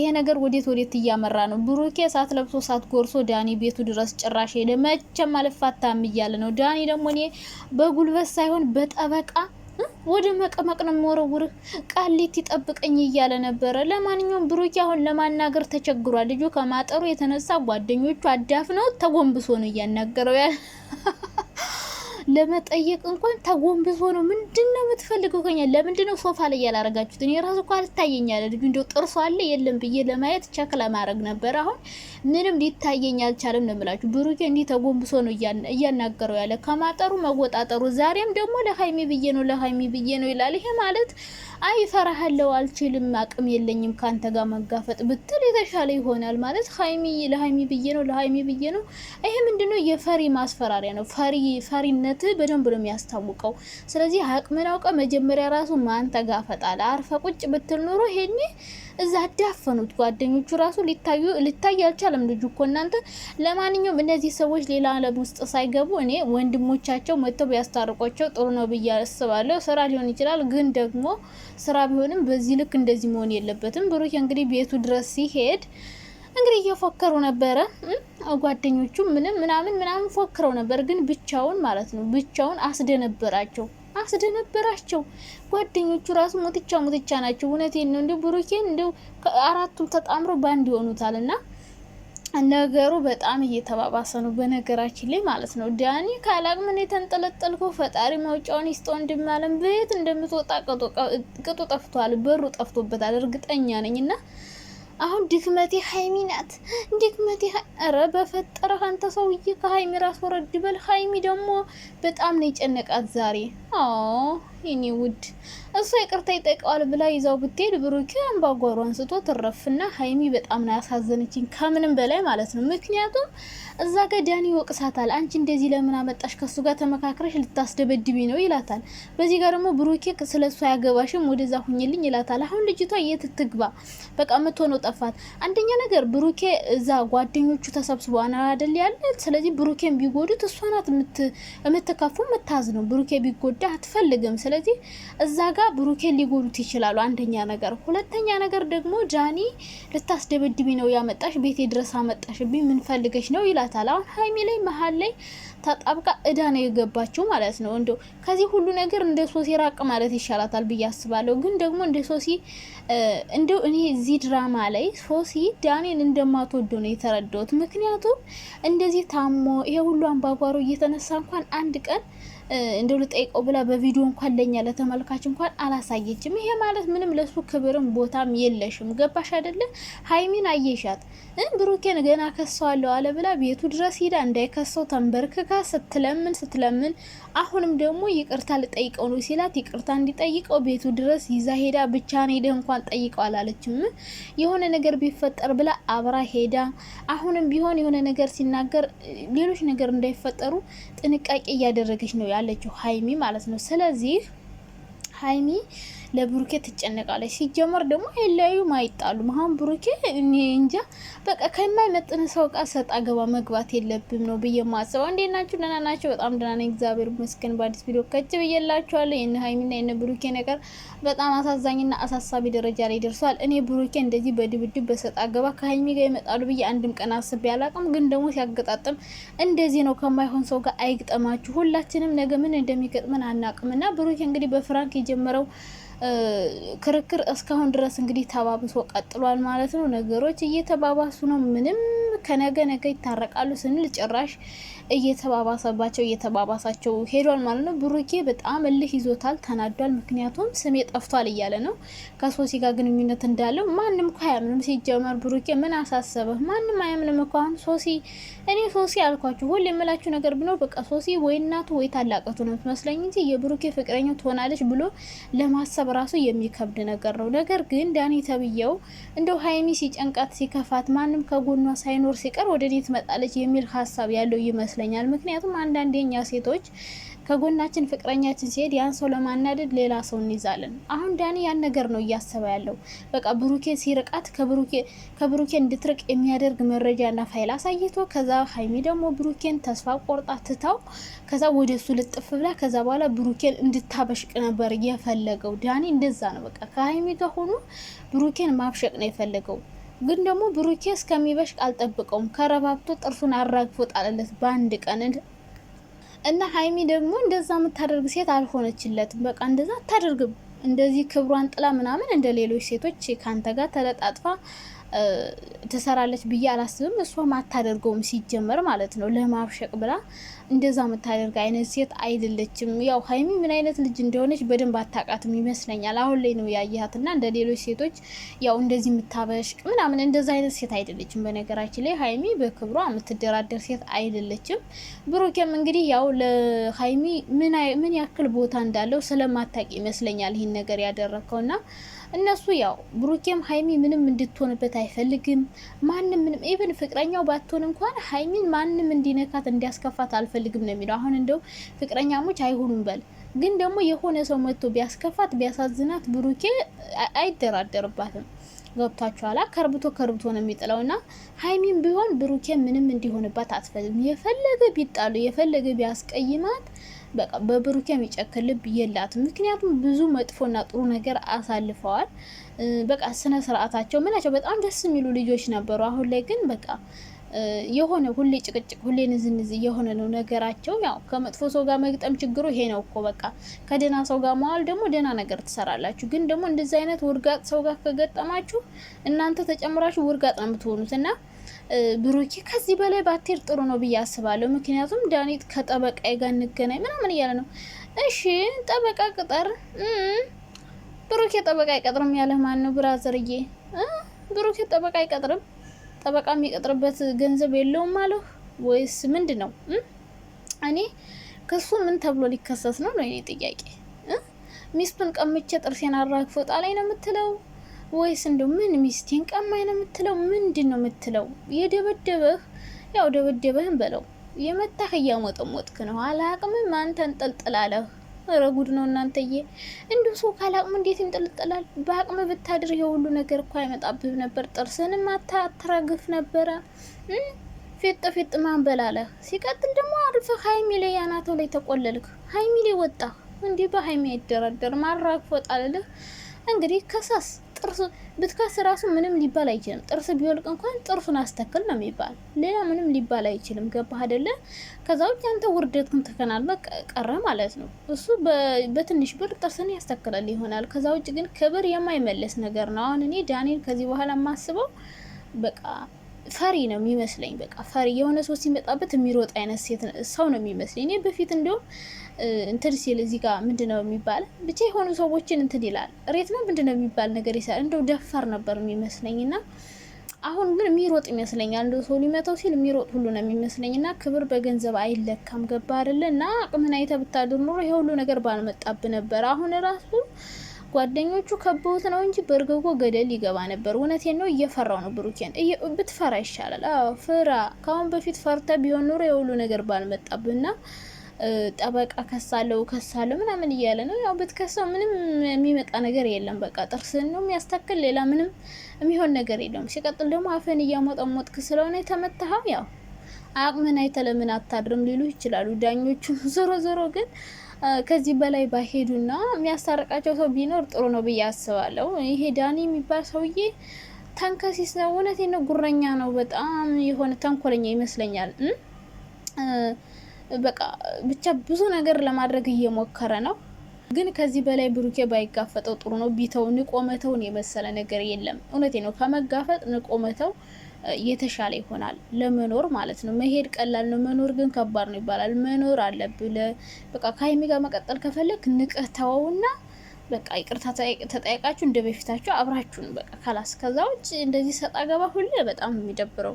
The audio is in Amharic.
ይሄ ነገር ወዴት ወዴት እያመራ ነው? ብሩኬ እሳት ለብሶ እሳት ጎርሶ ዳኒ ቤቱ ድረስ ጭራሽ ሄደ። መቼም አልፋታም እያለ ነው። ዳኒ ደግሞ እኔ በጉልበት ሳይሆን በጠበቃ ወደ መቀመቅ ነው የምወረውርህ፣ ቃሊት ይጠብቀኝ እያለ ነበረ። ለማንኛውም ብሩኬ አሁን ለማናገር ተቸግሯል። ልጁ ከማጠሩ የተነሳ ጓደኞቹ አዳፍ ነው ተጎንብሶ ነው እያናገረው ያለ ለመጠየቅ እንኳን ተጎንብሶ ነው። ምንድን ነው የምትፈልገው ከኛ? ለምንድን ነው ሶፋ ላይ ያላረጋችሁት? እኔ ራሱ እኮ አልታየኛለ ልጁ እንደው ጥርሱ አለ የለም ብዬ ለማየት ቸክ ለማድረግ ነበር አሁን ምንም ሊታየኝ አልቻለም ነው የምላችሁ። ብሩኬ እንዲህ ተጎንብሶ ነው እያናገረው ያለ ከማጠሩ መወጣጠሩ። ዛሬም ደግሞ ለሀይሚ ብዬ ነው ለሀይሚ ብዬ ነው ይላል። ይሄ ማለት አይ ፈራሃለው፣ አልችልም፣ አቅም የለኝም ከአንተ ጋር መጋፈጥ ብትል የተሻለ ይሆናል ማለት ሀይሚ ለሀይሚ ብዬ ነው ለሀይሚ ብዬ ነው። ይሄ ምንድነው? የፈሪ ማስፈራሪያ ነው። ፈሪ ፈሪነት በደንብ ነው የሚያስታውቀው። ስለዚህ አቅምን አውቀ መጀመሪያ ራሱ ማን ተጋፈጣል። አርፈ ቁጭ ብትል ኑሮ ይሄኔ እዛ አዳፈኑት። ጓደኞቹ ራሱ ሊታዩ ሊታይ አልቻለም ልጁ እኮ እናንተ። ለማንኛውም እነዚህ ሰዎች ሌላ አለም ውስጥ ሳይገቡ እኔ ወንድሞቻቸው መጥተው ቢያስታርቋቸው ጥሩ ነው ብዬ አስባለሁ። ስራ ሊሆን ይችላል፣ ግን ደግሞ ስራ ቢሆንም በዚህ ልክ እንደዚህ መሆን የለበትም። ብሩክ እንግዲህ ቤቱ ድረስ ሲሄድ እንግዲህ እየፎከሩ ነበረ ጓደኞቹ ምንም ምናምን ምናምን ፎክረው ነበር፣ ግን ብቻውን ማለት ነው ብቻውን አስደነበራቸው። አስደነበራቸው። ጓደኞቹ ራሱ ሙትቻ ሙትቻ ናቸው። እውነቴን ነው። እንዲ ብሩኬን እንዲ አራቱም ተጣምረው ባንድ ይሆኑታል እና ነገሩ በጣም እየተባባሰ ነው። በነገራችን ላይ ማለት ነው ዳኒ ካላቅምን የተንጠለጠልኩ ፈጣሪ መውጫውን ይስጥ እንድማለን ቤት እንደምትወጣ ቅጡ ጠፍቷል፣ በሩ ጠፍቶበታል እርግጠኛ ነኝ እና አሁን ድክመቴ ሀይሚ ናት። ድክመቴ ኧረ በፈጠረ አንተ ሰውዬ ከሀይሚ ራስ ወረድ በል። ሀይሚ ደግሞ በጣም ነው የጨነቃት ዛሬ። አዎ የኔ ውድ እሷ ይቅርታ ይጠይቀዋል ብላ ይዛው ብትሄድ ብሩኪ አምባጓሮ አንስቶ ትረፍና ሀይሚ በጣም ነው ያሳዘነችኝ፣ ከምንም በላይ ማለት ነው። ምክንያቱም እዛ ጋ ዳኒ ይወቅሳታል። አንቺ እንደዚህ ለምን አመጣሽ? ከሱ ጋር ተመካክረሽ ልታስደበድቢ ነው ይላታል። በዚህ ጋር ደግሞ ብሩኬ ስለ እሱ አያገባሽም፣ ወደዛ ሁኝልኝ ይላታል። አሁን ልጅቷ የት ትግባ? በቃ ነው ጠፋት። አንደኛ ነገር ብሩኬ እዛ ጓደኞቹ ተሰብስበ አናደል ያለ። ስለዚህ ብሩኬን ቢጎዱት እሷናት የምትካፉ የምታዝ ነው። ብሩኬ ቢጎዳ አትፈልግም። ስለዚህ እዛ ጋር ብሩኬን ሊጎዱት ይችላሉ። አንደኛ ነገር፣ ሁለተኛ ነገር ደግሞ ጃኒ ልታስደበድቢ ነው ያመጣሽ፣ ቤቴ ድረስ አመጣሽብኝ፣ ምን ፈልገሽ ነው ይላታል። አሁን ሀይሚ ላይ መሀል ላይ ተጣብቃ እዳ ነው የገባችው ማለት ነው። እንዲ ከዚህ ሁሉ ነገር እንደ ሶሲ ራቅ ማለት ይሻላታል ብዬ አስባለሁ። ግን ደግሞ እንደ ሶሲ እንደው እኔ እዚህ ድራማ ላይ ሶሲ ዳኔን እንደማትወዶ ነው የተረዳሁት። ምክንያቱም እንደዚህ ታሞ ይሄ ሁሉ አምባጓሮ እየተነሳ እንኳን አንድ ቀን እንደው ልጠይቀው ብላ በቪዲዮ እንኳን ለኛ ለተመልካች እንኳን አላሳየችም። ይሄ ማለት ምንም ለሱ ክብርም ቦታም የለሽም። ገባሽ አይደለ? ሀይሚን አየሻት። ብሩኬን ገና ከሰዋለሁ አለ ብላ ቤቱ ድረስ ሂዳ እንዳይከሰው ተንበርክካ ስትለምን ስትለምን፣ አሁንም ደግሞ ይቅርታ ልጠይቀው ነው ሲላት ይቅርታ እንዲጠይቀው ቤቱ ድረስ ይዛ ሄዳ ነው ሄደህ እንኳን ጠይቀው አላለችም። የሆነ ነገር ቢፈጠር ብላ አብራ ሄዳ አሁንም ቢሆን የሆነ ነገር ሲናገር ሌሎች ነገር እንዳይፈጠሩ ጥንቃቄ እያደረገች ነው ያለችው ሀይሚ ማለት ነው። ስለዚህ ሀይሚ ለብሩኬ ትጨነቃለች። ሲጀመር ደግሞ አይለያዩም፣ አይጣሉም። አሁን ብሩኬ እኔ እንጃ በቃ ከማይመጥን ሰው ጋር ሰጣ ገባ መግባት የለብም ነው ብዬ ማስበው። እንዴት ናችሁ? ደህና ናቸው? በጣም ደህና ነኝ እግዚአብሔር ይመስገን። በአዲስ ቪዲዮ ከች ብዬላችኋለሁ። የነ ሀይሚና የነ ብሩኬ ነገር በጣም አሳዛኝና አሳሳቢ ደረጃ ላይ ደርሷል። እኔ ብሩኬ እንደዚህ በድብድብ በሰጣ ገባ ከሀይሚ ጋር ይመጣሉ ብዬ አንድም ቀን አስቤ አላቅም። ግን ደግሞ ሲያገጣጥም እንደዚህ ነው። ከማይሆን ሰው ጋር አይግጠማችሁ። ሁላችንም ነገ ምን እንደሚገጥመን አናቅምና ብሩኬ እንግዲህ በፍራንክ የጀመረው ክርክር እስካሁን ድረስ እንግዲህ ተባብሶ ቀጥሏል ማለት ነው። ነገሮች እየተባባሱ ነው። ምንም ከነገ ነገ ይታረቃሉ ስንል ጭራሽ እየተባባሰባቸው እየተባባሳቸው ሄዷል ማለት ነው። ብሩኬ በጣም እልህ ይዞታል፣ ተናዷል። ምክንያቱም ስሜ ጠፍቷል እያለ ነው ከሶሲ ጋር ግንኙነት እንዳለው ማንም እኮ አያምንም። ሲጀመር ብሩኬ ምን አሳሰበህ? ማንም አያምንም እኮ አሁን ሶሲ እኔ ሶሲ አልኳችሁ ሁል የምላችሁ ነገር ብኖር በቃ ሶሲ ወይ እናቱ ወይ ታላቀቱ ነው ትመስለኝ እንጂ የብሩኬ ፍቅረኛ ትሆናለች ብሎ ለማሰብ ማሰብ ራሱ የሚከብድ ነገር ነው። ነገር ግን ዳኒ ተብዬው እንደው ሀይሚ ሲጨንቃት ሲከፋት ማንም ከጎኗ ሳይኖር ሲቀር ወደ እኔ ትመጣለች የሚል ሀሳብ ያለው ይመስለኛል። ምክንያቱም አንዳንዴ እኛ ሴቶች ከጎናችን ፍቅረኛችን ሲሄድ ያን ሰው ለማናደድ ሌላ ሰው እንይዛለን። አሁን ዳኒ ያን ነገር ነው እያሰበ ያለው። በቃ ብሩኬ ሲርቃት ከብሩኬ እንድትርቅ የሚያደርግ መረጃና ፋይል አሳይቶ ከዛ ሀይሚ ደግሞ ብሩኬን ተስፋ ቆርጣ ትታው ከዛ ወደ እሱ ልጥፍ ብላ ከዛ በኋላ ብሩኬን እንድታበሽቅ ነበር የፈለገው ዳኒ። እንደዛ ነው በቃ ከሀይሚ ጋር ሆኖ ብሩኬን ማብሸቅ ነው የፈለገው። ግን ደግሞ ብሩኬ እስከሚበሽቅ አልጠብቀውም። ከረባብቶ ጥርሱን አራግፎ ጣለለት በአንድ ቀን እና ሀይሚ ደግሞ እንደዛ የምታደርግ ሴት አልሆነችለትም። በቃ እንደዛ አታደርግም። እንደዚህ ክብሯን ጥላ ምናምን እንደ ሌሎች ሴቶች ከአንተ ጋር ተለጣጥፋ ትሰራለች ብዬ አላስብም። እሷም አታደርገውም ሲጀመር ማለት ነው። ለማብሸቅ ብላ እንደዛ የምታደርግ አይነት ሴት አይደለችም። ያው ሀይሚ ምን አይነት ልጅ እንደሆነች በደንብ አታውቃትም ይመስለኛል። አሁን ላይ ነው ያየሃት እና እንደ ሌሎች ሴቶች ያው እንደዚህ የምታበሽቅ ምናምን እንደዛ አይነት ሴት አይደለችም። በነገራችን ላይ ሀይሚ በክብሯ የምትደራደር ሴት አይደለችም። ብሩኬም እንግዲህ ያው ለሀይሚ ምን ያክል ቦታ እንዳለው ስለማታውቅ ይመስለኛል ይህን ነገር ያደረግከውና እነሱ ያው ብሩኬም ሀይሚ ምንም እንድትሆንበት አይፈልግም። ማንም ምንም ኢቭን ፍቅረኛው ባትሆን እንኳን ሀይሚን ማንም እንዲነካት እንዲያስከፋት አልፈልግም ነው የሚለው። አሁን እንደው ፍቅረኛሞች አይሆኑም በል ግን ደግሞ የሆነ ሰው መጥቶ ቢያስከፋት ቢያሳዝናት ብሩኬ አይደራደርባትም። ገብቷችኋላ? ከርብቶ ከርብቶ ነው የሚጥለው እና ሀይሚም ቢሆን ብሩኬ ምንም እንዲሆንባት አትፈልግም። የፈለገ ቢጣሉ የፈለገ ቢያስቀይማት በቃ በብሩኬ የሚጨክን ልብ የላትም። ምክንያቱም ብዙ መጥፎና ጥሩ ነገር አሳልፈዋል። በቃ ስነ ስርዓታቸው ምናቸው በጣም ደስ የሚሉ ልጆች ነበሩ። አሁን ላይ ግን በቃ የሆነ ሁሌ ጭቅጭቅ፣ ሁሌ ንዝንዝ የሆነ ነው ነገራቸው። ያው ከመጥፎ ሰው ጋር መግጠም ችግሩ ይሄ ነው እኮ በቃ ከደህና ሰው ጋር መዋል ደግሞ ደህና ነገር ትሰራላችሁ። ግን ደግሞ እንደዚህ አይነት ውርጋጥ ሰው ጋር ከገጠማችሁ እናንተ ተጨምራችሁ ውርጋጥ ነው የምትሆኑት እና ብሩኬ ከዚህ በላይ ባቴር ጥሩ ነው ብዬ አስባለሁ። ምክንያቱም ዳኒት ከጠበቃ ጋር እንገናኝ ምናምን እያለ ነው። እሺ ጠበቃ ቅጠር። ብሩኬ ጠበቃ አይቀጥርም ያለ ማን ነው? ብራዘርዬ ብሩኬ ጠበቃ አይቀጥርም። ጠበቃ የሚቀጥርበት ገንዘብ የለውም አለሁ ወይስ ምንድን ነው? እኔ ክሱ ምን ተብሎ ሊከሰስ ነው ነው የኔ ጥያቄ። ሚስቱን ቀምቼ ጥርሴን አራግፎ ጣላይ ነው የምትለው ወይስ እንደ ምን ሚስቴን ቀማኝ ነው የምትለው? ምንድን ነው የምትለው? የደበደበህ ያው ደበደበህን በለው የመታህ እያሞጠሞጥክ ነው። አላቅምም አንተን ጠልጥላለህ። ኧረ ጉድ ነው እናንተዬ! እንዲሁ ሰው ካላቅም እንዴት ይንጠልጠላል? በአቅም ብታድር የሁሉ ነገር እኮ አይመጣብህ ነበር። ጥርስንም አታራግፍ ነበረ። ፌጥ ፌጥ ማንበላለህ። ሲቀጥል ደግሞ አርፈ ሀይሚ ላይ ያናተው ላይ ተቆለልክ። ሀይሚ ላይ ወጣ እንዲህ በሀይሚ አይደራደርም። ማራግፎ ጣልልህ እንግዲህ ከሳስ ጥርስ ብትከስ ራሱ ምንም ሊባል አይችልም። ጥርስ ቢወልቅ እንኳን ጥርሱን አስተክል ነው የሚባል፣ ሌላ ምንም ሊባል አይችልም። ገባህ አይደለ? ከዛ ውጭ አንተ ውርደትን ተከናንበ በቀረ ማለት ነው። እሱ በትንሽ ብር ጥርስን ያስተክላል ይሆናል። ከዛ ውጭ ግን ክብር የማይመለስ ነገር ነው። አሁን እኔ ዳንኤል ከዚህ በኋላ የማስበው በቃ ፈሪ ነው የሚመስለኝ። በቃ ፈሪ የሆነ ሰው ሲመጣበት የሚሮጥ አይነት ሴት ሰው ነው የሚመስለኝ። እኔ በፊት እንዲሁም እንትን ሲል እዚህ ጋር ምንድን ነው የሚባል ብቻ የሆኑ ሰዎችን እንትን ይላል ሬት ነው ምንድን ነው የሚባል ነገር ይሳል። እንደው ደፋር ነበር የሚመስለኝ እና አሁን ግን የሚሮጥ ይመስለኛል። እንደ ሰው ሊመታው ሲል የሚሮጥ ሁሉ ነው የሚመስለኝ እና ክብር በገንዘብ አይለካም። ገባ አይደለ? እና አቅምን አይተ ብታድር ይሄ ሁሉ ነገር ባልመጣብ ነበር። አሁን ራሱ ጓደኞቹ ከበውት ነው እንጂ በርገጎ ገደል ይገባ ነበር። እውነቴን ነው፣ እየፈራው ነው ብሩኬን። ብትፈራ ይሻላል። አዎ ፍራ። ካሁን በፊት ፈርተ ቢሆን ኑሮ የሁሉ ነገር ባልመጣብና ጠበቃ ከሳለው ከሳለው ምናምን እያለ ነው። ያው ብትከሰው ምንም የሚመጣ ነገር የለም። በቃ ጥርስን ነው የሚያስተክል፣ ሌላ ምንም የሚሆን ነገር የለም። ሲቀጥል ደግሞ አፈን እያሞጠሞጥክ ስለሆነ የተመታኸው ያው አቅምን አይተለምን አታድርም ሊሉ ይችላሉ ዳኞቹ። ዞሮ ዞሮ ግን ከዚህ በላይ ባይሄዱና የሚያስታርቃቸው ሰው ቢኖር ጥሩ ነው ብዬ አስባለሁ። ይሄ ዳኒ የሚባል ሰውዬ ተንከሲስ ነው፣ እውነቴ ነው። ጉረኛ ነው፣ በጣም የሆነ ተንኮለኛ ይመስለኛል። በቃ ብቻ ብዙ ነገር ለማድረግ እየሞከረ ነው። ግን ከዚህ በላይ ብሩኬ ባይጋፈጠው ጥሩ ነው። ቢተው ንቆመተውን የመሰለ ነገር የለም። እውነቴ ነው። ከመጋፈጥ ንቆመተው የተሻለ ይሆናል ለመኖር ማለት ነው። መሄድ ቀላል ነው፣ መኖር ግን ከባድ ነው ይባላል። መኖር አለብህ። በቃ ከሀይሚ ጋር መቀጠል ከፈለግ ንቀተውና በቃ ይቅርታ ተጠያቃችሁ እንደ በፊታችሁ አብራችሁን በቃ ካላስ። ከዛ ውጭ እንደዚህ ሰጣ ገባ ሁሌ በጣም የሚደብረው